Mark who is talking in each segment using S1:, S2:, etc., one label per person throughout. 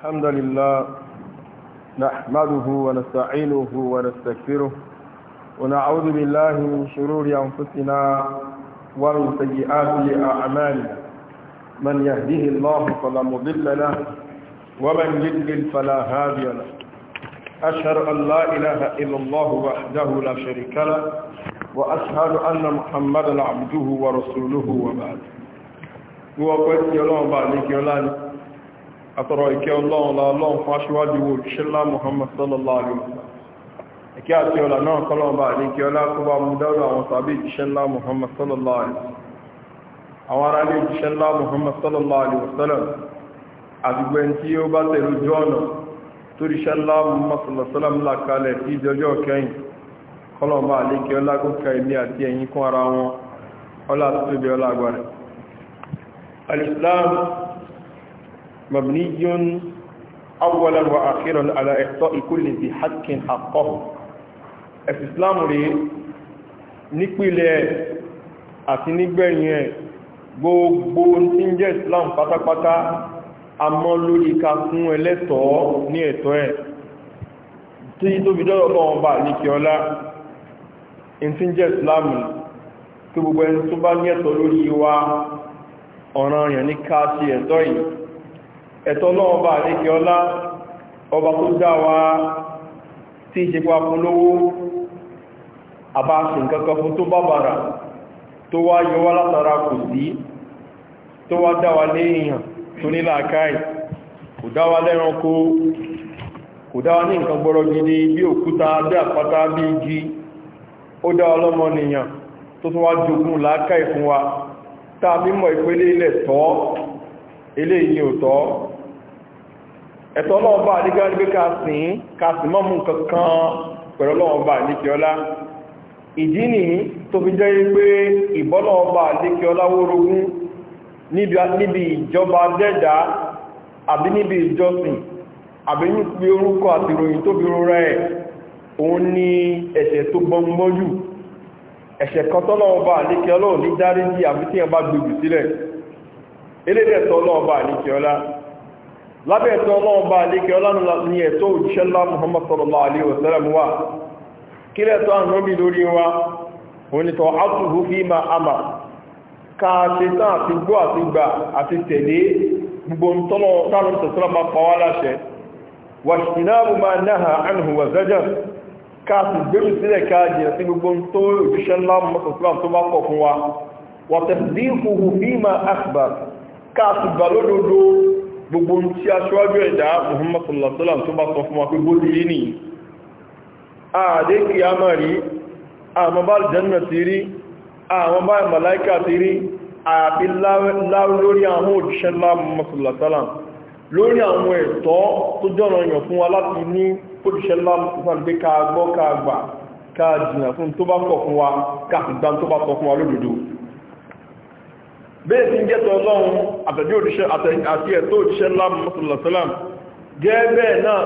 S1: الحمد لله نحمده ونستعينه ونستكفره ونعوذ بالله من شرور أنفسنا ومن سيئات أعمالنا من يهده الله فلا مضل له ومن يضلل فلا هادي له أشهد أن لا إله إلا الله وحده لا شريك له وأشهد أن محمدا عبده ورسوله وبعد هو قد يلوم بعد يلوم àtọ̀rọ̀ ìkẹ́ ọlọ́run lọ́lọ́run fún aṣíwájú wo ṣílá Muhammad sallallahu alaihi wasallam ìkẹ́ àti ọlá náà kọlọ́run bá ní kí ọlá kó bá mú dáwọ́ àwọn tàbí ìṣẹ́lá Muhammad sallallahu alaihi wasallam àwọn ará ní ìṣẹ́lá Muhammad sallallahu alaihi wasallam àdúgbẹ́ tí ó bá tẹ̀lú jọ́ọ̀nà tó rí ṣẹ́lá Muhammad sallallahu alaihi wasallam làkalẹ̀ tí ìjọjọ́ kẹyìn kọlọ́run bá ní kí ilé àti ẹ̀yìn kún ara wọn ọlá tó tóbi ọlá agbára مبني أولا وآخرا على إعطاء كل ذي حق حقه الإسلام رẹ̀ nípìlẹ̀ àti nígbẹ̀yìn ẹ̀ gbogbo tí ń jẹ́ Islam pátápátá a mọ́ lórí ká fún ẹlẹ́tọ̀ọ́ ní ẹ̀tọ́ ẹ̀ tí tó fi dọ́rọ̀ lọ́wọ́ bá ní kí ọlá in tí ń jẹ́ Islam tó gbogbo ẹni tó bá ní ẹ̀tọ́ lórí wa ọ̀ràn yẹn ní ká sí ẹ̀tọ́ yìí ẹ̀tọ́ lọ́ọ̀bà àríkẹ́ ọlá ọba tó dá wa tí ṣe pa fún lówó àbáṣìn fún tó bàbàrà tó wá yọwá látara kò sí tó wá dáwà lé èèyàn tó nílà làákàí kò dáwà lẹ́ranko kò dáwà ní nǹkan gbọ́rọ̀ gidi bí òkúta bí àpáta fún wa tá a mímọ̀ ilẹ̀ tọ́ ẹ̀tọ́ ọlọ́run bá ní gbé ká sìn ká sì mọ́ mú kankan pẹ̀lú ọlọ́run ní kíọ́lá ìdí ni tó fi jẹ́ pé ìbọ́lọ́run bá ní kíọ́lá wórogún níbi ìjọba dẹ́dà àbí níbi ìjọsìn àbí níbi orúkọ àti ìròyìn tó fi rọra ẹ̀ òun ni ẹ̀ṣẹ̀ tó gbọmgbọ́jù ẹ̀ṣẹ̀ kan tọ́lọ́run ní kíọ́lá ò ní dárí sí àbí tí ẹ bá gbèjù sílẹ̀ elédẹ̀ẹ́tọ́ ọlọ́run ní kíọ́lá lábẹ́ ẹ̀tọ́ ọlọ́run bá alékẹ́ ọlánúlá ní ẹ̀tọ́ òjíṣẹ́lá Muhammad sallallahu alaihi wasallam wà kí lẹ́tọ́ ànúbì lórí wa onítọ̀ átùhù fi ma àmà ká ṣe tán àti gbọ́ àti gbà àti tẹ̀lé gbogbo tọ́lọ̀ tààrùn tẹ̀sọ́lá bá pàwà láṣẹ wàṣìnáàbù ma náà ànhù wà zẹ́jẹ̀ ká sì gbérù sílẹ̀ ká jìnà sí gbogbo tó òjíṣẹ́lá Muhammad sallallahu alaihi gbogbo ohun tí aṣíwájú ẹ̀dá Muhammad sallallahu alaihi wasallam tó bá sọ fún wa pé bóòlù yìí nìyí àdé kìyàmà rí àmọ́ bá jẹ́nà ti rí àwọn bá màláíkà ti rí àti lórí àwọn òjíṣẹ́ lámọ́sùlátàlá lórí àwọn bẹ́ẹ̀ tí ń jẹ́tọ̀ ọlọ́run àtẹ̀jú àti ẹ̀tọ́ òdíṣẹ́ lámùsùlọ̀sọ́lám gẹ́ẹ̀bẹ̀ náà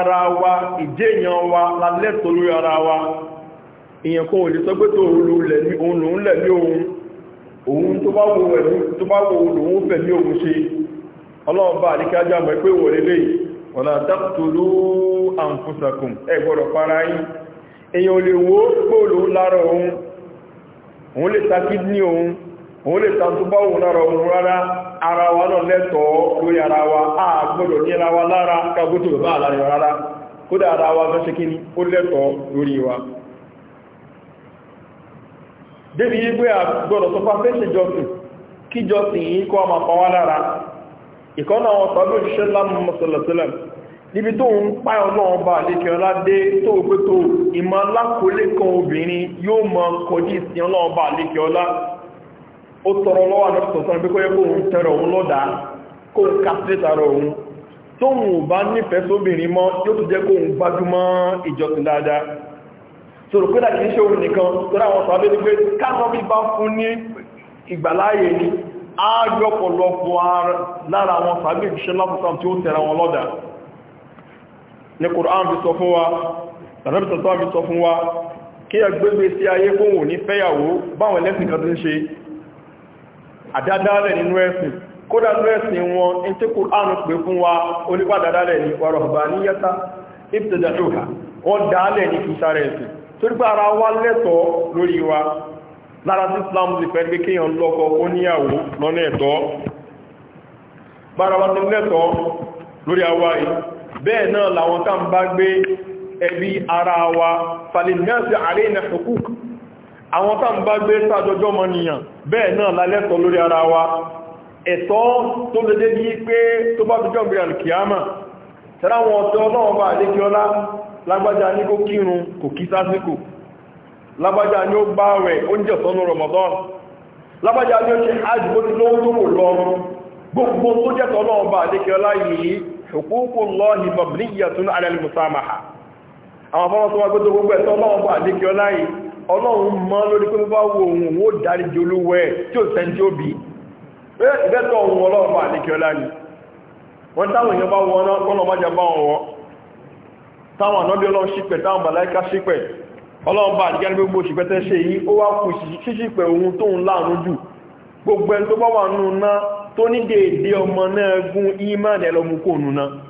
S1: ara wa ìjẹ́yàn wa lálẹ́tọ̀ lórí ara wa èèyàn kan ò sọ pé tó ohun ohun ohun ṣe ọlọ́run bá pé ẹ òun le tàn bá lára ọmọ rárá ara wa náà lẹ́tọ̀ọ́ lórí ara wa a gbọ́dọ̀ ní ara wa lára kagbótò bá àlàyé rárá ara wa fẹ́ṣẹ́ kí ní ó lẹ́tọ̀ọ́ lórí wa débi yí a tó fà fẹ́ṣẹ́ jọsìn kí jọsìn yìí kọ́ ọmọ pa wá lára ìkọ́nà ó tọrọ lọ́wọ́ àdọ́sọ̀tọ́ pé kó yẹ kó ń tẹrọ òun lọ́dà kó ń kàpítẹ́tàrọ òun tóun ò bá nífẹ̀ẹ́ sóbìnrin mọ́ yóò tó jẹ́ kó ń gbájúmọ́ ìjọsìn dáadáa sọ̀rọ̀ pé láti ṣe òun nìkan tọ́rọ àwọn sọ̀rọ̀ lórí pé káàkọ́ bí bá fún ní ìgbàláyè ni ájọpọ̀lọpọ̀ lára àwọn sàbí ìṣẹ́ lápùsàn tí ó tẹ̀ra wọn lọ́dà ní Kùrán bí sọ fún wa tàbí sọ fún wa kí ẹgbẹ́gbẹ́ sí ayé kóhùn ní fẹ́yàwó báwọn ẹlẹ́sìn kan tó ń ṣe àdádálẹ̀ nínú ẹ̀sìn kódà nínú ẹ̀sìn wọn ní tí Kùránù pè fún wa onípa àdádálẹ̀ ní warahbaniyata ibtada'uha wọ́n dálẹ̀ ní kìsára ẹ̀sìn torí pé ara wa lẹ́tọ̀ọ́ lórí wa lára sí Islam wa lórí wa àwọn tá ń bá gbé sáàjọjọ́ mọ́nìyàn bẹ́ẹ̀ náà lálẹ́tọ̀ lórí ara wa ẹ̀tọ́ tó lè débi pé tó bá tọjọ́ gbé alkiyama tẹ́lá wọn ọ̀tọ́ ọlọ́wọ́ bá àdékiọlá lágbájá ní kó kírun kò kí sásìkò lágbájá ní ó bá rẹ̀ oúnjẹ sọ́nà Ramadan lágbájá ní ó ṣe tó ọlọ́run mọ́ lórí pé bá wo òun òun ó darí di olówó tí ó sẹ́ tí ó bí ìbẹ́tọ̀ ohun ọlọ́run bá níkẹ́ ọlá ni wọ́n táwọn èèyàn bá wọ́n náà kọ́nà má jẹba ọ̀wọ́ táwọn ànábí ọlọ́run ṣípẹ̀ táwọn bàláìká ṣípẹ̀ ọlọ́run bá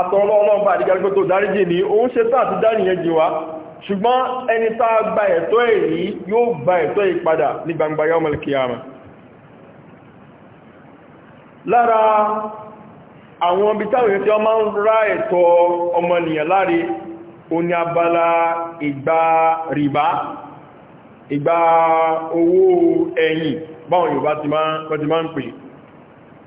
S1: àtọ̀rọ̀lọ́ ọlọ́run bá àdígbà pé tó dáríjì ní òun ṣe tán àti dárí yẹn jì wá ṣùgbọ́n ẹni tá gba ẹ̀tọ́ ẹ̀ rí yóò gba ẹ̀tọ́ ẹ̀ padà ní gbangba yawmal qiyamah lára àwọn ibi táwọn tí wọ́n máa ń rá ẹ̀tọ́ ọmọnìyàn láre oní abala ìgbà rìbá ìgbà owó ẹ̀yìn báwọn Yorùbá ti máa ń pè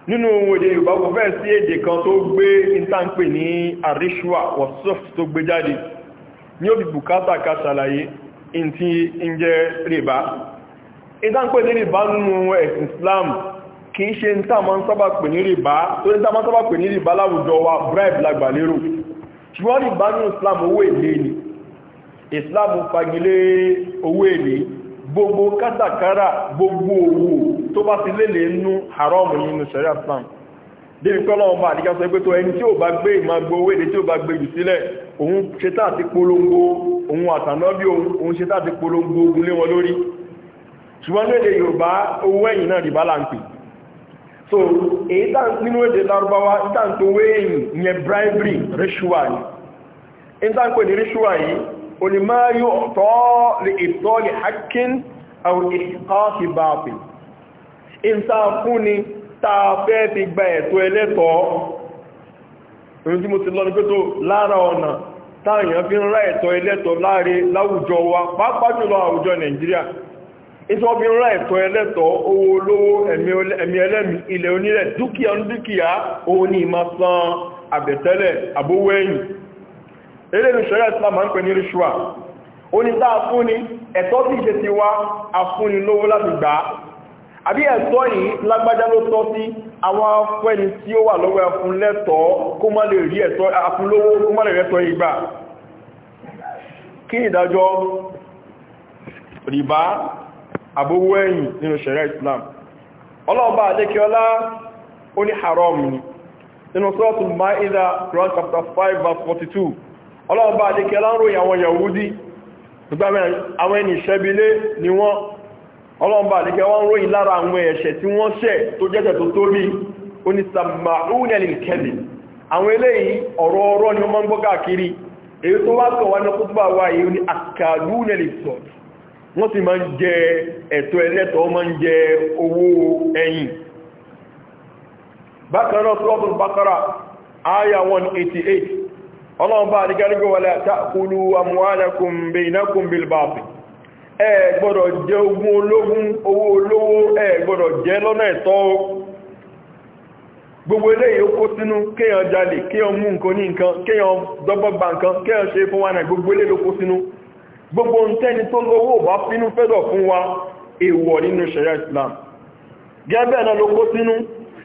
S1: nínú òde Yorùbá kò fẹ́ sí èdè kan tó gbé ìtànpè ní àríṣùà wọ̀sọ́f tó gbé jáde ní òbí bùkátà ká ṣàlàyé ìntí ìjẹ́ rìbá ìtànpè ní rìbá nínú ẹ̀sìn Islam kì í ṣe ìtàmọ́ sábà pè ní rìbá tó ní ìtàmọ́ sábà pè ní rìbá láwùjọ wa bribe lágbà ṣùgbọ́n rìbá nínú Islam owó Islam fagilé owó èlé gbogbo kátàkárà gbogbo òwò tó bá ti lélẹ̀ inú haram nínú sharia islam débi pé ọlọ́run bá àdíkà sọ pé tó ẹni tí ó bá gbé ìmá gbowó èdè tí ó bá gbé jù sílẹ̀ òun ṣetá àti polongo òun àtànábí òun ṣetá àti polongo ogun lé wọn lórí ṣùgbọ́n èdè yorùbá owó ẹ̀yìn náà rìbá láǹpì so èyí tá nínú èdè lárúbáwá ìtàǹtò owó ẹ̀yìn yẹn bribery rishua ni ìtàǹpè ní rishua yìí òní máa yóò tọ́ lè ìtọ́ lè hakin àwọn ìkọ́sì báàpì ìta fún ni taa fẹ́ ti gba ẹ̀tọ́ ẹlẹ́tọ́ ìrìn tí mo ti lọ ní pé tó lára ọ̀nà táàyàn fi ń rá ẹ̀tọ́ ẹlẹ́tọ́ láre láwùjọ wa pàápàá jùlọ àwùjọ Nàìjíríà ìtọ́ eléyìn ṣọ́yà tí láàmà ń pè ní ríṣùà ó ní tá fúnni ẹ̀tọ́ tí ṣe ti wá afúnni lówó láti gbà á àbí ẹ̀tọ́ yìí lágbájá ló tọ́ sí àwọn afẹ́ni tí ó wà lọ́wọ́ ẹfun lẹ́tọ̀ọ́ kó má lè rí ẹ̀tọ́ afúnlówó kó má lè rẹ́tọ́ ìgbà kí ìdájọ́ rìbá àbówó ẹ̀yìn nínú ṣẹ̀rẹ̀ Islam ọlọ́ọ̀bá adékíọlá ó ní haram ni nínú sọ́ọ̀tún Maida Quran chapter 5 verse 42 ọlọ́run bá àdíkẹ́ láròyìn àwọn yahudi nígbàmẹ́ àwọn ẹni ìṣẹ́bílé ni wọ́n ọlọ́run bá àdíkẹ́ wọ́n ròyìn lára àwọn ẹ̀ṣẹ̀ tí wọ́n ṣẹ̀ tó jẹ́ṣẹ̀ tó tóbi ni wọ́n máa ń gbọ́ káàkiri èyí tó wá kọ̀ wá ní kútùbà wá yìí ní àkàlúnẹ̀lì sọ̀tù wọ́n sì máa ń bákanáà sọ́ọ̀tún 188 ọlọ́run bá àdígárígó wala ta'kulu amwalakum bainakum bil batil ẹ gbọ́dọ̀ jẹ ogún ológun owó olówó ẹ gbọ́dọ̀ jẹ lọ́nà ẹ̀tọ́ gbogbo eléyìí ó kó sínú kéèyàn jalè kéèyàn mú nǹkan ní nǹkan kéèyàn dọ́gbọ́gba nǹkan kéèyàn ṣe fún wa náà gbogbo eléyìí tó lówó bá fínú fẹ́dọ̀ fún wa èèwọ̀ nínú ṣẹ̀yà Islam gẹ́gẹ́ náà ló kó sínú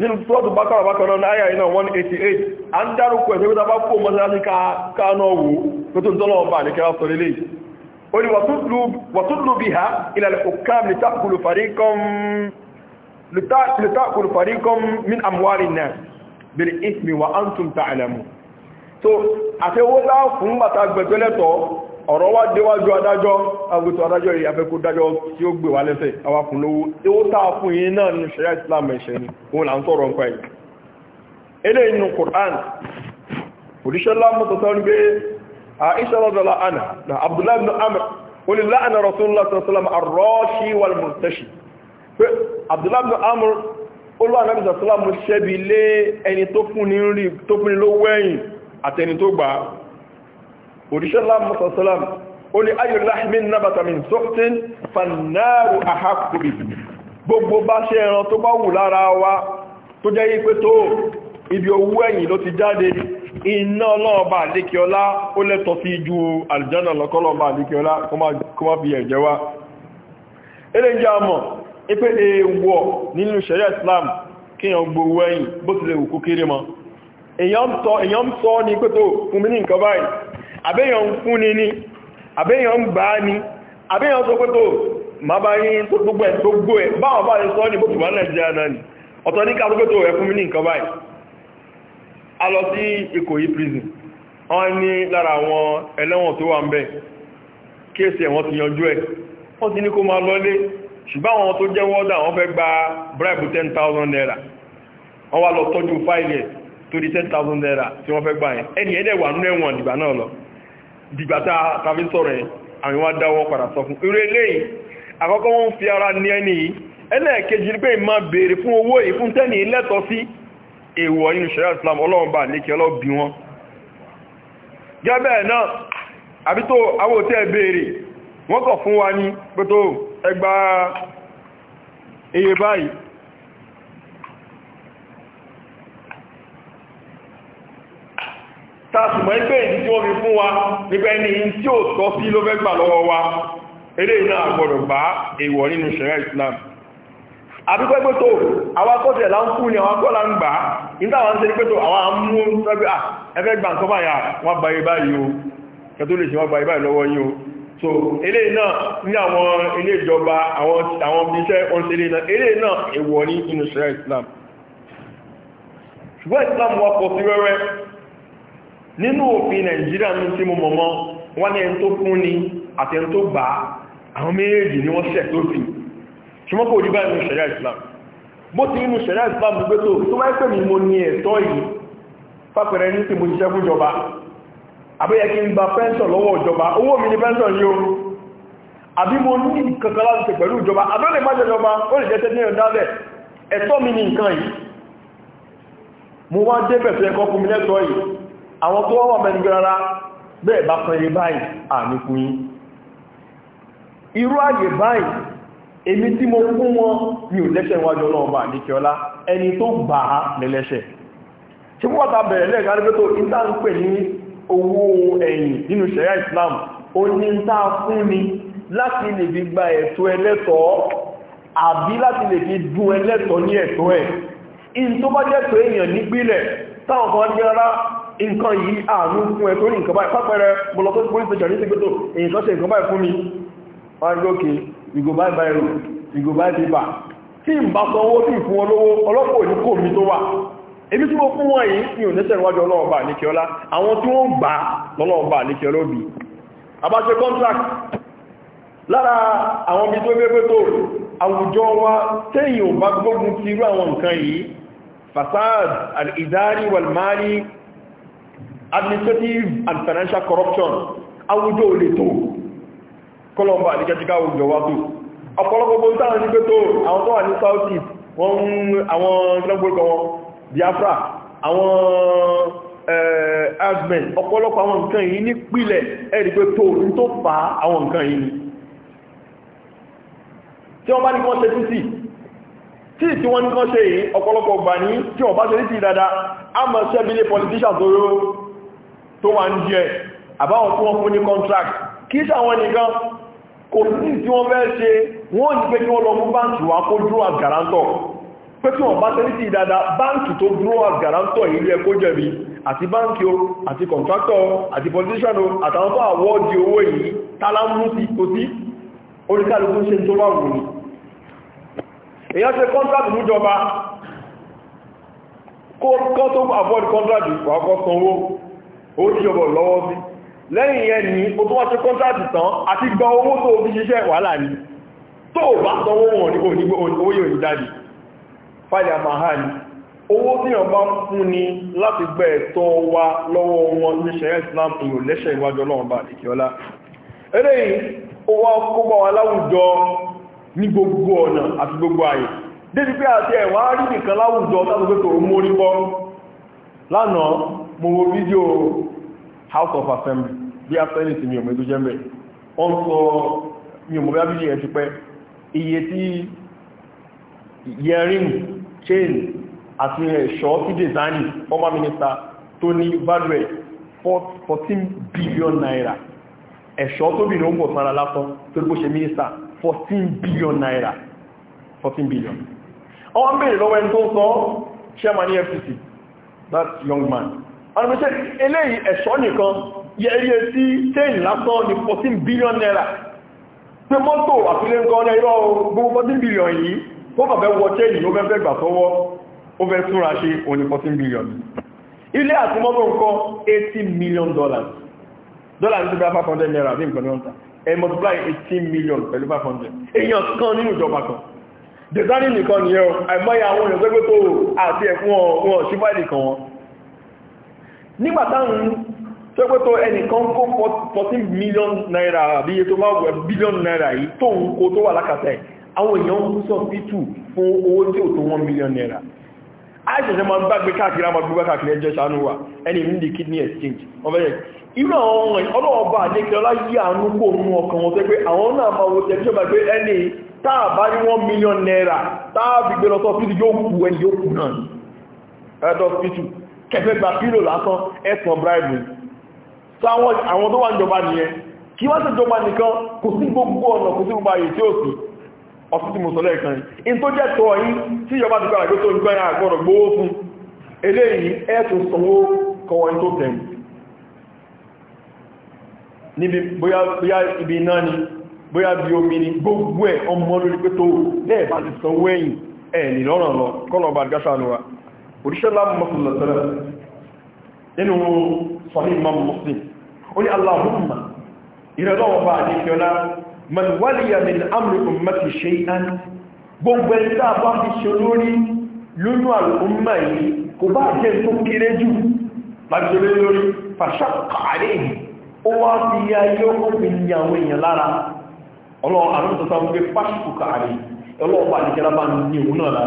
S1: nínú tọ́tù bákàrà bákàrà náà ayà iná 188 a ń dárúkọ ẹ̀sẹ̀ wíta bá kó mọ́sánásí káàná wò tó tó ń tọ́lọ̀ ọba ní kẹwàá sọ̀rọ̀ ilé o ni wàtúlù bí ha ìlàlẹ̀ òkàm lìtàkùlù fàríkọ́m min amwari náà bèrè ismi wa antum ta'alamu so àti owó láà fún ọ̀rọ̀ wá déwájú adájọ́ agbótó adájọ́ yìí afẹ́kó dájọ́ tí ó gbé wà lẹ́sẹ̀ awakùn lówó tí ó tàà fún yìí náà ní ṣẹ̀ríà Islam ẹ̀ṣẹ̀ ni òun là ń sọ̀rọ̀ nǹkan yìí ilé inú Qur'an òdíṣẹ́lá mọ́tọ̀tọ́ ní pé àtẹni tó gbà òdíṣẹ́lá mọ́sànsálàm ó ní ayò láhìmí nábàtàmín sọ́tín fanáàrù àhákùbì gbogbo bá ṣe ẹran tó bá wù lára wa tó jẹ́ yí pé tó ibi owó ẹ̀yìn ló ti jáde iná ọlọ́ọ̀bà àdékíọlá ó lẹ́tọ̀ sí ju àlìjánà lọ́kọ́lọ́ọ̀bà àdékíọlá kó má fi ẹ̀jẹ̀ wá eléjì àmọ̀ ipé èèwọ̀ nínú ṣẹ̀rẹ̀ Islam kí èyàn gbogbo ẹ̀yìn bó ti lè wù kó kéré mọ́ èyàn ń sọ ní pé tó fún mi ní nǹkan báyìí àbẹ́yàn ń fún ni ní àbẹ́yàn ń gbà á ní àbẹ́yàn sọ pé tó ma bá rí tó gbogbo ẹ̀ gbogbo ẹ̀ báwọn bá rí sọ ní gbogbo bá nàìjíríà náà ni ọ̀tọ̀ ní ká tó pé tó ẹ̀ fún mi ní nǹkan báyìí a lọ sí Ìkòyí prison wọ́n ní lára àwọn ẹlẹ́wọ̀n tó wà ń bẹ̀ kéèsì ẹ̀ wọ́n ti yanjú ẹ̀ wọ́n ti ní kó máa lọlé ṣùgbọ́n àwọn tó jẹ́ wọ́dà thousand naira wọ́n wá lọ tọ́jú fáìlì ẹ̀ tó ten thousand naira tí wọ́n fẹ́ gbà yẹn ẹni ẹ̀dẹ̀ wà nínú ẹ̀wọ̀n ìgbà náà lọ dìgbàtà tàbí sọ̀rọ̀ ẹ̀ àwọn wá dáwọ́ padà sọ fún irú eléyìí àkọ́kọ́ wọ́n fi ara ní ẹni yìí ẹlẹ́ẹ̀kejì pé ma béèrè fún owó yìí fún tẹ́ni lẹ́tọ́ sí èèwọ̀ inú ṣẹ̀rẹ̀ Islam ọlọ́run bá ní kí ọlọ́bí wọn gẹ́bẹ̀ náà àbí tó àwọn òtẹ́ béèrè tàṣùmọ̀ ẹgbẹ́ ìdí tí wọ́n fi fún wa nípa ẹni tí ó tọ́ sí ló fẹ́ gbà lọ́wọ́ wa eré iná àgbọ̀dọ̀ bá èèwọ̀ nínú ṣẹ̀rẹ̀ Islam àbíkọ́ pé tó àwọn akọ́sẹ̀ là ń kú ni àwọn akọ́lá ń gbà nígbà wọn ṣe ní pé tó àwọn amú tọ́gbẹ́ à ẹfẹ́ gbà nǹkan báyà wọ́n o kẹtó lè ṣe wọ́n o so eré náà ní àwọn ilé ìjọba àwọn iṣẹ́ wọn ṣe eré náà eré náà èèwọ̀ ní inú Islam ṣùgbọ́n Islam wọ́pọ̀ sí wẹ́wẹ́ nínú òfin nàìjíríà ní tí mo mọ̀mọ́ wọ́n ní ẹn tó fún ni àti ẹn tó gbà àwọn méjì ni wọ́n ṣẹ̀ tó fi ṣùgbọ́n kò rí báyìí nínú ṣẹ̀ríà islam bó ti nínú ṣẹ̀ríà islam gbé tó tó wáyé pè mí mo ní ẹ̀tọ́ yìí fápẹ̀rẹ̀ ní tí mo ṣiṣẹ́ fún ìjọba àbẹ́yẹ kí n gba pẹ́ńsọ̀n lọ́wọ́ ìjọba owó mi ni pẹ́ńsọ̀n yìí o àbí mo ní kankan láti ṣe pẹ̀lú ìjọba àbẹ́lẹ̀ má jẹjọba ó lè jẹ́ tẹ́tẹ́ àwọn tó wọ́n mẹ́rin gbẹ́rara bẹ́ẹ̀ bá pẹ̀lẹ̀ báyìí àmì fún yín irú àyè báyìí èmi tí mo fún wọn ní ò lẹ́ṣẹ̀ wájú ọlọ́ọ̀bà àdíkẹ́ọlá ẹni tó gbà á lẹ́lẹ́ṣẹ̀ tí wọ́n ta bẹ̀rẹ̀ lẹ́ẹ̀kan pé tó ìta ń pè ní owó ẹ̀yìn nínú ṣẹ̀yà Islam ó ní ń tá fún ni láti lè fi gba ẹ̀tọ́ ẹlẹ́tọ̀ọ́ àbí láti lè fi dún ẹlẹ́tọ̀ọ́ ní ẹ̀tọ́ ẹ̀ nǹkan yìí àánú fún ẹ tó ní nǹkan báyìí pápẹ́rẹ bọ̀lọ̀ tó gbórí ìtọ́jọ̀ ní sígbótò èyí tó ṣe nǹkan báyìí fún mi wọ́n gòkè ìgòbá ìbáyìí ìgòbá ìbá tí ń bá sọ owó tí ìfún olówó ọlọ́pọ̀ ní kò mi tó wà ebi tí mo fún wọn yìí ní òníṣẹ́ ìwájú ọlọ́ọ̀bà ní kíọ́lá àwọn tí wọ́n gbà lọ́lọ́ọ̀bà ní kíọ́lá òbí àbáṣe contract lára àwọn ibi tó administrative and financial corruption àwùjọ ò lè tó kọlọmbà ní kẹjíká àwùjọ wá tó ọ̀pọ̀lọpọ̀ táwọn ní pé tó àwọn tó wà ní south east wọ́n àwọn gbogbo wọn Biafra àwọn eh, admin ọ̀pọ̀lọpọ̀ àwọn nǹkan yìí ní pìlẹ̀ ẹ̀rí pé tó ní tó fà àwọn nǹkan yìí tí wọ́n bá ní kọ́ ṣe tún sí tí tí wọ́n ní kọ́ ṣe yìí ọ̀pọ̀lọpọ̀ gbà ní tí wọ́n bá ṣe ní ti dáadáa a mọ̀ tó wà ní díẹ̀ àbáwọn tí wọ́n fún ní contract kí sàwọn nìkan kò sí tí wọ́n fẹ́ ṣe wọ́n ní pé kí wọ́n lọ mú báǹkì wá kó dúró as guarantor pé kí wọ́n bá tẹ́lí sí ìdada báǹkì tó dúró as guarantor ilé ẹkó jẹ̀bi àti báǹkì o àti contractor àti politician o àtàwọn tó àwọ́dì owó yìí tálámú sí kò sí oríkàlùkù ṣe tó bá wù ní èyàn ṣe contract lújọba kó tó avoid contract wà kọ́ sanwó ó ti ọbọ̀ lọ́wọ́ sí lẹ́yìn yẹn ni o tó wá ṣe kọ́ntrátì tán àti gba owó tó fi ṣiṣẹ́ wàhálà ní tó bá sanwó wọn ní onígbó owó yóò ní dájì fàyà maha ni owó tí yàn bá fún ni láti gbẹ́ ẹ̀tọ́ wa lọ́wọ́ wọn ní ṣẹ̀yẹ́ Islam ìrò lẹ́ṣẹ̀ ìwájú Ọlọ́run bá ìkíọ́lá eléyìí ó wá kó bá wa láwùjọ ní gbogbo ọ̀nà àti gbogbo ààyè débi pé àti ẹ̀wà rí nìkan láwùjọ tàbí pé tòun mórí bọ́ lánàá mo wo fídíò house of assembly bí afẹ́lì sí mi ò mẹ́tò jẹ́ mẹ́ wọ́n sọ mi ò mọ̀ bí abíjì yẹn ti pẹ́ iye tí yẹrin chain àti ẹ̀ṣọ́ eh, sí design former minister Tony ní value 14 billion naira ẹ̀ṣọ́ tó bìnrin ó ń bọ̀ sára lásán tó rí bó ṣe minister 14 billion naira 14 billion ọwọ́n bèèrè lọ́wọ́ ẹni tó ń sọ chairman EFCC that young man ọ̀rọ̀mẹ́sẹ̀ eléyìí ẹ̀ṣọ́ nìkan yẹ́ríẹ́ sí chain lásán ní 14 billion naira pé mọ́tò àfilé nǹkan ọ̀nà irọ́ gbogbo 14 billion yìí ó kàfẹ́ wọ chain ló fẹ́ gbà sọ́wọ́ ó fẹ́ túnra ṣe òní 14 billion ilé àti mọ́tò nǹkan 18 million dollars dollar ní ti bá 500 naira bí nǹkan ní wọ́n ta ẹ multiply 18 million pẹ̀lú 500 èèyàn kan nínú ìjọba kan dẹ̀sánì nìkan nìyẹn àìmọ́ya àwọn èèyàn tó gbé tó àti ẹ̀fún wọn ṣífáìlì kan wọn nígbà táwọn tó pé tó ẹnìkan kó 14 million naira àbí ètò máa wẹ̀ billion naira yìí tó ń kó tó wà lákàtà ẹ̀ àwọn èèyàn ń sọ pítù fún owó tí ò tó 1 million naira àìsẹ̀sẹ̀ máa gbàgbé káàkiri àmà gbogbo káàkiri ẹjọ́ ìṣàánú wa ẹni ní kidney exchange ọmọdé irú àwọn ọlọ́ọ̀bá àdékẹ́lá yí àánú kò mú ọkàn wọn tẹ́ pé àwọn náà máa wo million naira táà fi gbé lọ sọ fíìtì yóò kẹfẹ́ gba pílò lásán ẹ̀sàn bribe so àwọn tó wà níjọba nìyẹn kí wá sí ìjọba nìkan kò sí gbogbo ọ̀nà kò sí gbogbo ààyè tí ó sì ọ̀sí tí mo sọ lẹ́ẹ̀kan in tó jẹ́ tọ́ yí tí ìjọba ti gbàgbé tó ń gbẹ́ àgbọ̀rọ̀ gbówó fún eléyìí ẹ̀tún sanwó kọwọ́n tó tẹ̀mù níbi bóyá ibi iná ni bóyá bí omi ni gbogbo ẹ̀ ọmọ lórí pé tó lẹ́ẹ̀bá ti sanwó ẹ̀yìn ẹ̀ nìlọ́ràn lọ kọ́lọ̀ bá gáṣà lọ́wọ́ òdíṣẹ́lá mọ́sùlùmọ́sẹ́lẹ̀ nínú sọ̀rí imam muslim ó ní aláhùnmà ìrẹ́lọ́wọ́ bá àdíkẹ́ọ́lá man waliya min amri ummati shay'an gbogbo ẹni tá bá fi ṣe lórí lónú al'umma yìí kò bá jẹ́ tó kéré jù lágbèrè lórí fàṣàkàrí ó wá fi ya yóò fi ní àwọn èèyàn lára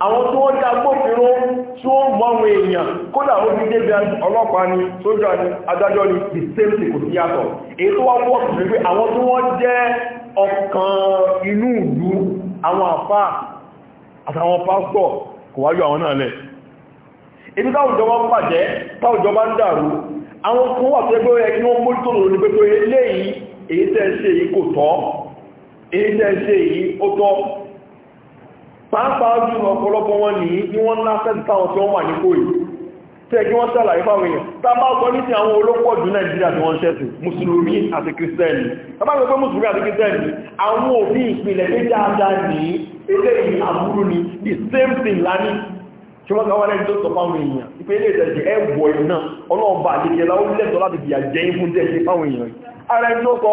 S1: àwọn tó wọ́n dá gbófinró tí ó mọ́ àwọn èèyàn kódà ó ti débi ọlọ́pàá ni sójà ni adájọ́ ni the same thing kò sí yàtọ̀ èyí tó wá sí pé àwọn tó wọ́n jẹ́ ọkàn inú ìlú àwọn àfá àtàwọn pásítọ̀ kò wájú àwọn náà lẹ̀ ń ń dàrú àwọn kan wà tẹ́gbẹ́ kí wọ́n mójútó lòrò ní èyí tẹ́ yìí kò pàápàá jù ọ̀pọ̀lọpọ̀ wọn nìyí ní wọ́n ńlá fẹ́ táwọn tí wọ́n wà ní kòyí tẹ́ kí wọ́n sàlàyé fáwọn èèyàn tàbá ọkọ̀ ní ti àwọn olópọ̀ jù nàìjíríà tí wọ́n ṣẹ̀sìn mùsùlùmí àti kìrìsìtẹ́nì tàbá sọ pé mùsùlùmí àti kìrìsìtẹ́nì àwọn òbí ìpìlẹ̀ pé dáadáa ní eléyìí àbúrú ni the same thing lání tí wọ́n kàwọn ẹni tó sọ fáwọn èèyàn ìpé ilé ìtẹ̀sẹ̀ ẹ̀wọ̀ ìná ọlọ́ọ̀bà àdéjẹ́lá ó lẹ́tọ̀ọ́ láti fìyà jẹ́ fún tẹ̀sẹ̀ fáwọn èèyàn ara ẹni tó sọ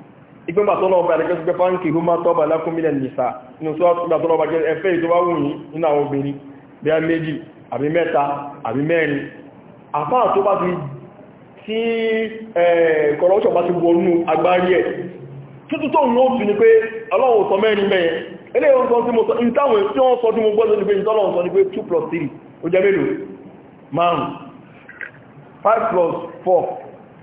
S1: ìgbẹ́gbà tọ́lọ ọba ẹ̀rẹ́gẹ́ sí pé fáńkì ló máa tọ́bà lákúnmílẹ̀ nìsà nínú sọ́ọ̀tọ́gbà tọ́lọ ọba ẹ̀fẹ́ ìtọ́wà wùnyí nínú àwọn obìnrin bí a méjì àbí mẹ́ta àbí mẹ́rin àfáà tó bá ti tí kọ̀rọ̀ọ́ṣọ̀ ni pé ọlọ́run sọ mẹ́rin mẹ́yẹn ilé ìwọ̀n sọ tí mo sọ ìtàwọn tí wọ́n sọ tí mo gbọ́dọ̀ ní pé ìtọ́lọ́run sọ ni pé 2 plus 3 5 plus 4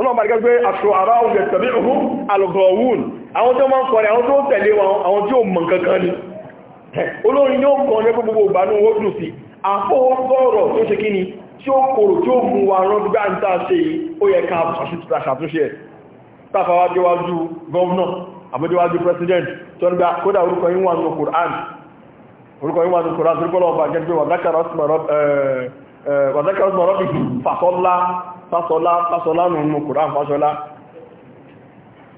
S1: ọlọ́run bá gẹ́gẹ́ pé àṣọ àrá oúnjẹ tàbí ọ̀hún alùgbọ̀wùn àwọn tó máa ń kọrin àwọn tó tẹ̀lé wọn àwọn tí ó mọ̀ kankan ni olórin yóò kọ́ ní gbogbo ìbánú ó dùn sí àfọwọ́sọ̀rọ̀ tó ṣe kíni tí ó kòrò tí ó mú wa rán gbá ń tàà president tó ń gba kódà orúkọ yín wà nínú Qur'an orúkọ yín wà nínú Qur'an fásọlá fásọlá nínú kùrán fásọlá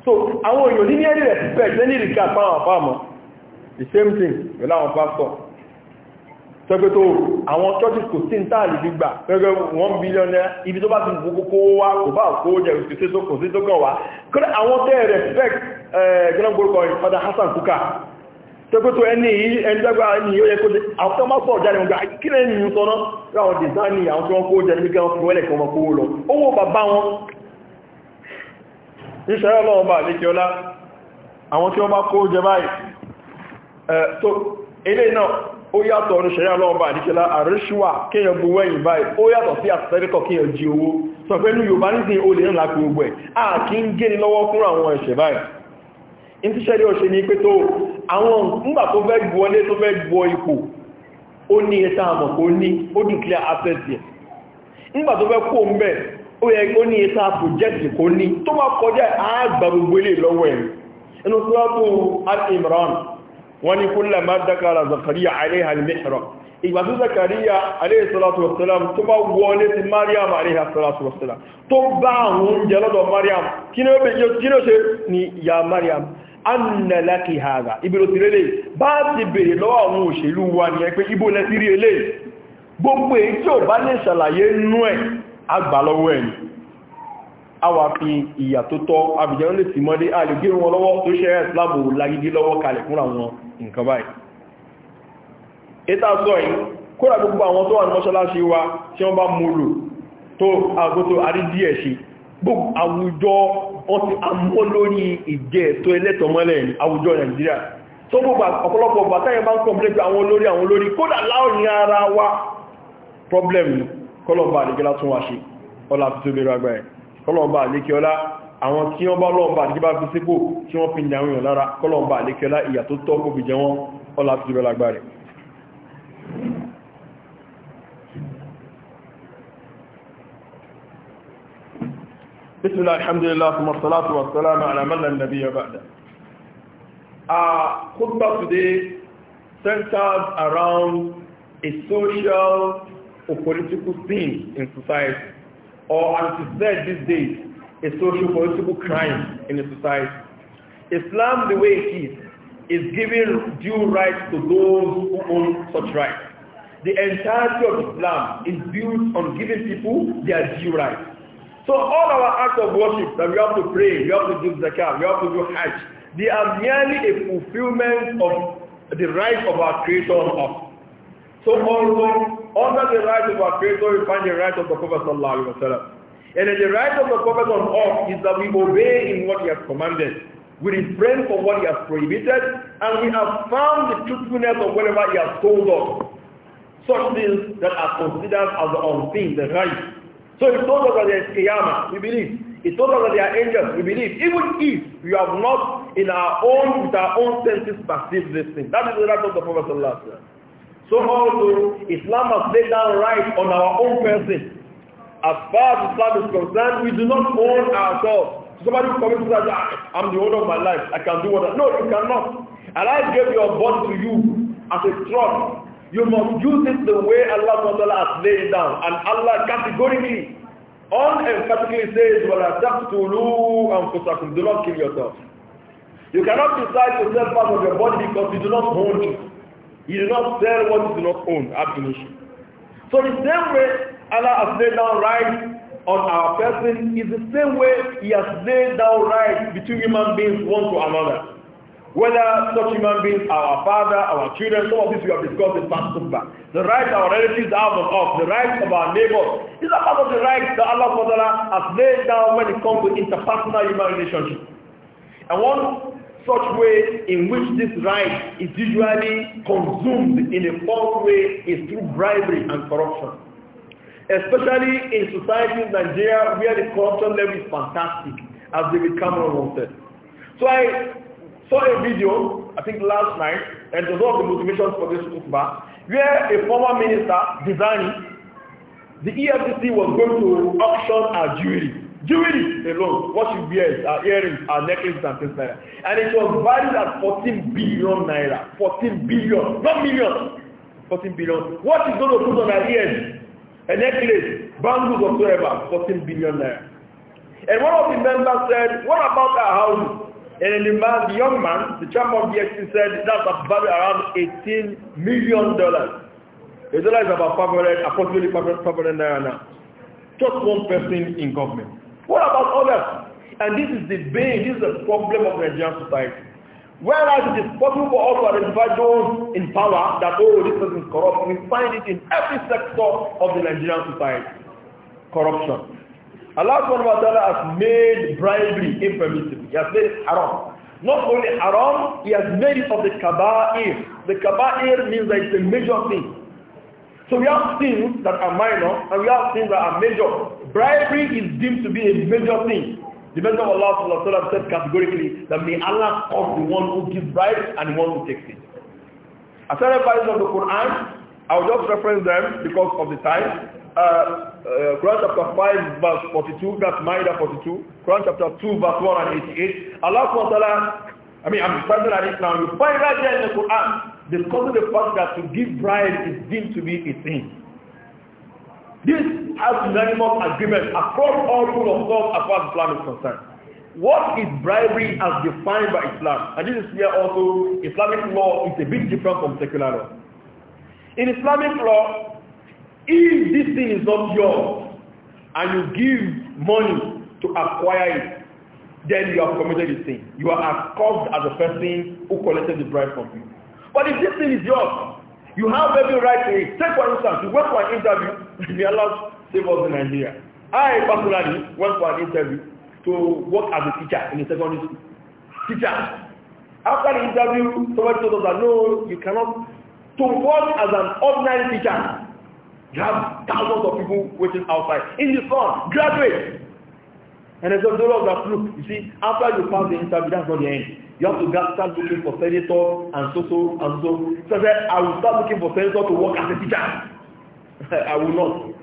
S1: so àwọn èèyàn ní ẹ̀rí rẹ̀ pípẹ̀ jẹ́ ní ìrìkà pàwọn àpáàmọ́ the same thing pẹ̀lú àwọn pásọ̀ tẹ́gbẹ́ tó àwọn churches kò sí ìtàlì gbígbà pẹ́gbẹ́ 1 billion naira ibi tó bá ti gbogbo wá kò bá kó jẹ òsìsẹ́ tó kò sí tó kàn wá kọ́lẹ̀ àwọn tẹ́ẹ̀rẹ̀ Hassan tókótó ẹni yìí ẹnìdọ́gba ẹni yóò yẹ kó jẹ àwọn tó máa sọ ọ̀já nìyànjú kílẹ̀ ènìyàn sọ́nà ráwọn dìsáàni àwọn tó wọ́n kó jẹ nígbà fún ẹlẹ̀ kan kó lọ owó bàbá wọn ìṣẹ́ ọlọ́run bá lè kíọlá àwọn tí wọ́n bá kó jẹ báyìí ilé náà ó yàtọ̀ ọ̀rọ̀ ṣẹ̀rẹ́ ọlọ́run bá àdíkẹ́lá àríṣíwà kéèyàn bu wẹ́yìn báyìí ó yàtọ̀ báyìí in ti ṣẹ́rí ọ̀ṣẹ́ ní pé tó àwọn ǹgbà tó fẹ́ gbọ́lé tó fẹ́ gbọ́ ipò ó ní ẹta àmọ̀ kó ní ó dùkílẹ̀ afẹ́sì ǹgbà tó fẹ́ kó ń bẹ̀ ó yẹ kó ní ẹta àpòjẹ́sì kó ní tó bá kọjá àgbà gbogbo ilé lọ́wọ́ ẹ̀ inú sọ́tọ̀ al-imran wọ́n ní kúnlẹ̀ má dákàrà zakariya alayha al-mihra ìgbà tó zakariya annalaki ibiro ti rele bá ti oselu wa ni ẹgbẹ́ ibo lẹ ti gbogbo èyí o ba bá lè nnu e agba àgbà a fi ìyà tó tọ́ abìjẹ́rún le tìmọ́lé àlègé wọn lọ́wọ́ tó ṣẹ́ ìsìláàmù lágídí lọ́wọ́ kalẹ̀ fún wà si wa gbogbo àwùjọ ọtí àmọ́ lórí ìjẹ́ ẹ̀tọ́ ẹlẹ́tọ̀ mọ́lẹ̀ àwùjọ nàìjíríà tó gbogbo ọ̀pọ̀lọpọ̀ bàtáyẹ̀ bá ń kọ̀m̀lẹ́gbì àwọn olórí àwọn olórí kódà láàrin ara wa problem kọlọ̀bà àdíkẹ́lá tún wá ṣe ọlá fi tó lè ragbà ẹ̀ kọlọ̀bà àdíkẹ́ọlá àwọn tí wọ́n bá lọ́ọ̀bà àdíkẹ́ bá fi sípò بسم الله الحمد لله ثم الصلاة والسلام على من لا نبي بعده Our khutbah today centers around a social or political sin in society or as it said these days, a social political crime in a society. Islam the way it is, is giving due rights to those who own such rights. The entirety of Islam is built on giving people their due rights. So all our acts of worship that we have to pray, we have to do zakah, we have to do hajj, they are merely a fulfillment of the right of our creator on us. So also, under the right of our creator, we find the right of the Prophet sallallahu And the right of the Prophet on us is that we obey in what he has commanded. We refrain from what he has prohibited, and we have found the truthfulness of whatever he has told us. Such things that are considered as the unseen, the right, So he told us that there is Qiyamah, we believe. He told us that there are angels, we believe. Even if we have not in our own, with our own senses perceived this thing. That is the right of the Prophet Sallallahu Alaihi Wasallam. also, Islam has laid down right on our own person. As far as Islam is concerned, we do not own ourselves. Somebody who commits suicide, ah, I'm the owner of my life, I can do what I... No, you cannot. Allah gave your body to you as a trust You must use it the way Allah SWT has laid down. And Allah categorically, unemphatically says, وَلَا تَقْتُلُوا أَنفُسَكُمْ Do not kill yourself. You cannot decide to sell part of your body because you do not own it. You do not sell what you do not own, absolution. So the same way Allah has laid down right on our person is the same way He has laid down right between human beings one to another whether such human beings are our father, our children, some of this we have discussed in past khutbah. The rights our relatives have on us, the rights of our neighbors. These are part of the rights that Allah has laid down when it comes to interpersonal human relationship. And one such way in which this right is usually consumed in a false way is through bribery and corruption. Especially in societies in Nigeria where the corruption level is fantastic as David Cameron once said. So I saw a video, I think last night, and it was all the motivation for this khutbah, where a former minister, Dizani, the EFCC was going to auction our jewelry. Jewelry alone, what she wears, her earrings, her necklaces and things like that. And it was valued at 14 billion naira. 14 billion, not million. 14 billion. What is going to put on her ears? A necklace, bangles whatsoever, 14 billion naira. And one of the members said, what about our house? And the man, the young man, the chairman of the exchange said that's about around 18 million dollars. The dollar is about 500, approximately 500 naira now. Just one person in government. What about others? And this is the bane, this is the problem of Nigerian society. Whereas it is possible for us to identify those in power that, oh, this person is corrupt, we find it in every sector of the Nigerian society. Corruption. Allah subhanahu wa ta'ala has made bribery impermissible. He has made it haram. Not only haram, he has made it of the kaba'ir. The kaba'ir means that it's a major thing. So we have things that are minor and we have things that are major. Bribery is deemed to be a major thing. The Messenger of Allah subhanahu wa ta'ala said categorically that may Allah cause the one who gives bribes and the one who takes it. As I reference of the Quran, I will just reference them because of the time. Uh, uh, Quran chapter 5 verse 42, that's Maida 42, Quran chapter 2 verse 188, Allah SWT, I mean, I'm standing at it now, you find right there in the Quran, discussing the fact that to give bribe is deemed to be a sin. This has unanimous agreement across all rule of law as far as Islam is concerned. What is bribery as defined by Islam? And this is here also, Islamic law is a bit different from secular law. In Islamic law, if this thing is not yours and you give money to acquire it, then you have committed this thing. You are as cursed as the person who collected the bribe from you. But if this thing is yours, you have every right to it. Take for instance, you went for an interview, we allowed save us in Nigeria. I personally went for an interview to work as a teacher in a secondary school. Teacher. After the interview, somebody told us that no, you cannot. To work as an ordinary teacher You have thousands of people waiting outside in the sun, graduate. And as a result of look, you see, after you pass the interview, that's not the end. You have to start looking for senator and so so and so. So I said, I will start looking for senator to work as a teacher. I will not.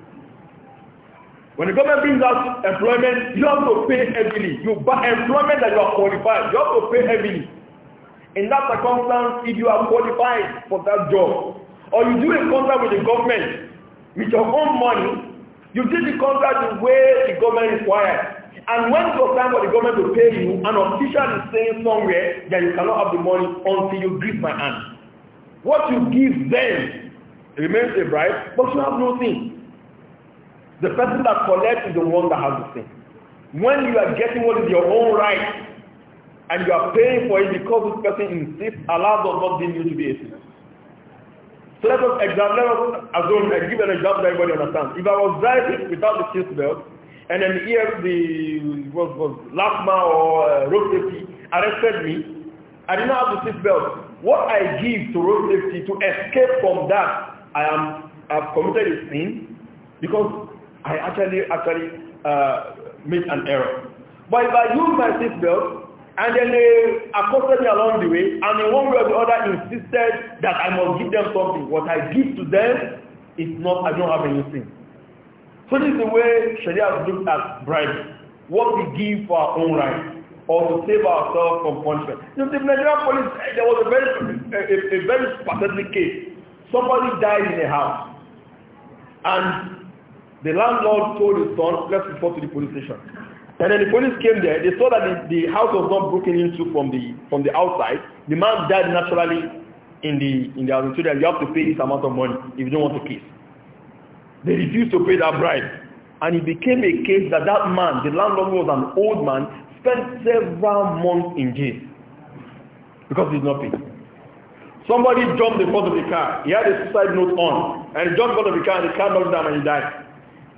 S1: When the government brings out employment, you have to pay heavily. You buy employment that you are qualified. You have to pay heavily. In that circumstance, if you are qualified for that job, or you do a contract with the government with your own money, you did the contract the way the government required. And when it was time for the government to pay you, an official is saying somewhere that you cannot have the money until you give my hand. What you give them remains a bribe, but you have nothing. The person that collects is the one that has the thing. When you are getting what is your own right, and you are paying for it because this person insists, Allah does not deem you to be a thief. So let us examine, let us and give an example that everybody understands. If I was driving without the seat belt, and then here the was, was LAFMA or uh, road safety arrested me, I did not have the seat belt. What I give to road safety to escape from that, I am I've committed a sin because I actually actually uh, made an error. But if I use my seat belt. And then they accosted me along the way, and in one way or the other insisted that I must give them something. What I give to them is not, I don't have anything. So this is the way Sharia looked at bribery. What we give for our own right, or to save ourselves from punishment. You see, Nigerian police, eh, there was a very, a, eh, eh, a very pathetic case. Somebody died in a house, and the landlord told his son, let's report to the police station. And then the police came there. They saw that the, the house was not broken into from the from the outside. The man died naturally in the in the house. So you have to pay this amount of money if you don't want to case. They refused to pay that bribe, and it became a case that that man, the landlord was an old man, spent several months in jail because he did not pay. Somebody jumped in front of the car. He had a suicide note on, and he jumped in front of the car, and the car knocked down, and he died.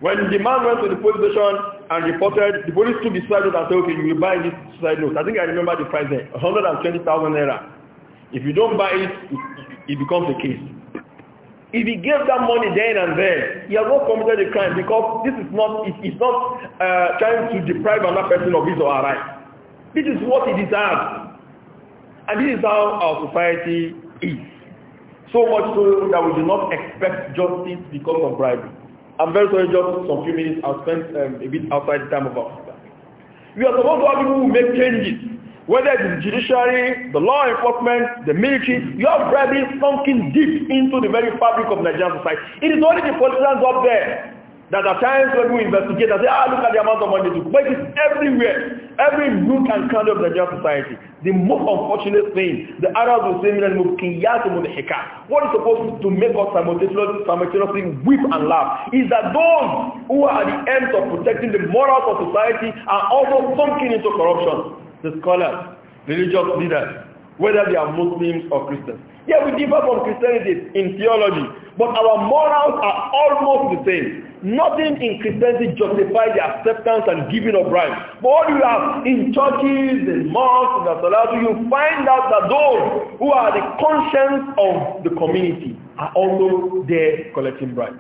S1: When the man went to the police station, and reported, the police took the side note and said, okay, you will buy this side note. I think I remember the price there, 120,000 naira. If you don't buy it, it, becomes a case. If he gave that money then and there, he has not committed a crime because this is not, it, it's not uh, trying to deprive another person of his or her right. This is what he deserves. And this is how our society is. So much so that we do not expect justice because of bribery. I'm very sorry, just some few minutes I'll spend um, a bit outside the time of Africa. We are supposed to have people who make changes, whether it's the judiciary, the law enforcement, the military, you are grabbing something deep into the very fabric of Nigerian society. It is only the politicians up there that at times when we investigate and say, ah, look at the amount of money they took. But it's everywhere. Every nook and kind of Nigerian society. The most unfortunate thing, the Arabs will say, what is supposed to make us simultaneously, simultaneously weep and laugh is that those who are at the end of protecting the morals of society are also sunken into corruption. The scholars, religious leaders, whether they are Muslims or Christians. Yeah, we differ from Christianity in theology, but our morals are almost the same. Nothing in Christianity justifies the acceptance and giving of bribes. But what you have in churches, in mosques, in the Salatu, you find out that those who are the conscience of the community are also there collecting bribes.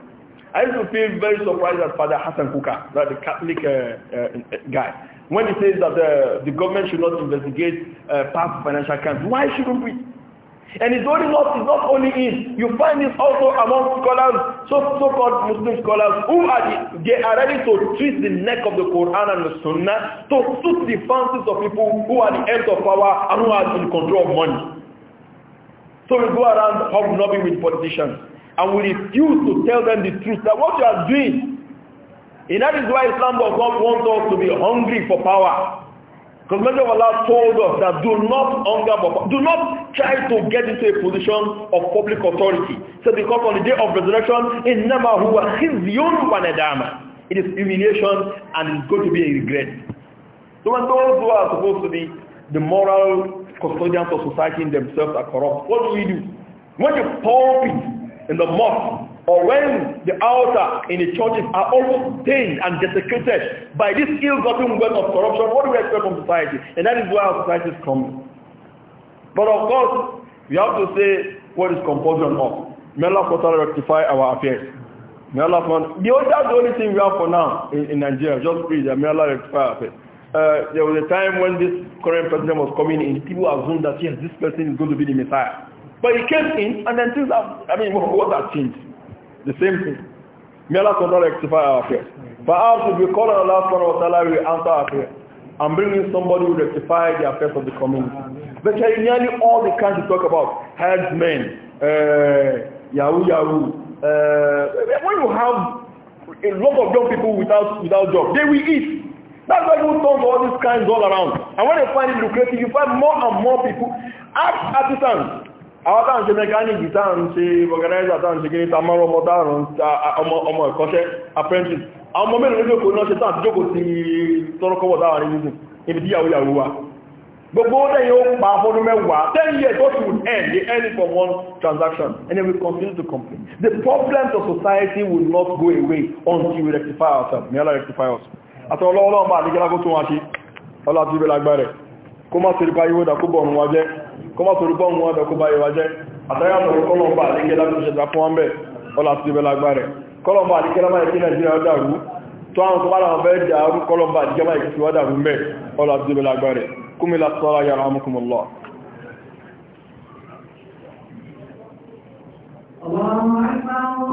S1: I used to feel very surprised at Father Hassan Kuka, that the Catholic uh, uh, guy, when he says that the, uh, the government should not investigate uh, past financial crimes. Why shouldn't we? And his holiness is not only him. You find this also among scholars, so-called so Muslim scholars, who are they are ready to twist the neck of the Quran and the Sunnah to suit the fancies of people who are the end of power and who are in control of money. So we go around hobnobbing with politicians and we refuse to tell them the truth that what you are doing. And that is why Islam does not want us to be hungry for power. Because of Allah told us that do not hunger do not try to get into a position of public authority. So because on the day of resurrection, إِنَّمَا هُوَ خِزْيٌ وَنَدَامًا It is humiliation and it's going to be a regret. So when those who are supposed to be the moral custodians of society in themselves are corrupt, what do we do? When the it in the mosque or when the altar in the churches are almost stained and desecrated by this ill-gotten wealth of corruption, what do we expect from society? And that is where our society is coming. But of course, we have to say what is compulsion of. May Allah SWT rectify our affairs. May Allah SWT, the, that's the only thing we have for now in, in Nigeria, just please, may Allah rectify our affairs. Uh, there was a time when this current president was coming in, people assumed that yes, this person is going to be the Messiah. But he came in and then things have, I mean, what has changed? The same thing. May Allah cannot rectify our affairs. Perhaps if we call on Allah subhanahu wa ta'ala, we answer our prayers. bring in somebody who rectify the affairs of the community. But nearly all the kinds you talk about, headsmen, uh, yahoo yahoo, uh, when you have a lot of young people without without job, they will eat. That's why you turn to all these kinds all around. And when they find it lucrative, you find more and more people. Ask artisans, àwọn táwọn ṣe mẹkáníkì táwọn ṣe organizer táwọn ṣe kí ní tamọ́rọ ọmọ táwọn ọmọ ẹ̀kọ́ṣẹ́ apprentice àwọn ọmọ mẹ́rin lójókò náà ṣe táwọn jókò sí tọ́rọkọ́wọ́ táwọn ní nìsìn ibi tí yàwó yàwó wa gbogbo lẹ́yìn ó pa fọ́dún mẹ́wàá ten years what would end they end from one transaction and then we continue to complain the problems of society will not go away until we rectify ourselves may Allah rectify us àti ọlọ́ọ̀lọ́ ọmọ àdígẹ́lágó tó wá sí ọlá tí ó bẹ́ lágbá rẹ̀ kó má sí rí báyíwó dà kó kọmọ torúkọ mú ọbẹ̀ kó bá yíwa jẹ́ àtàyàtọ̀rọ̀ kọlọmbà àdíkẹ́ lábúṣẹ́ ta fún ọmọ ọlá tí bẹ́ lágbàrẹ̀ kọlọmbà àdíkẹ́ lábáyé kí nàìjíríà dàrú tó àwọn tó bá láwọn bẹ́ẹ̀ dàrú kọlọmbà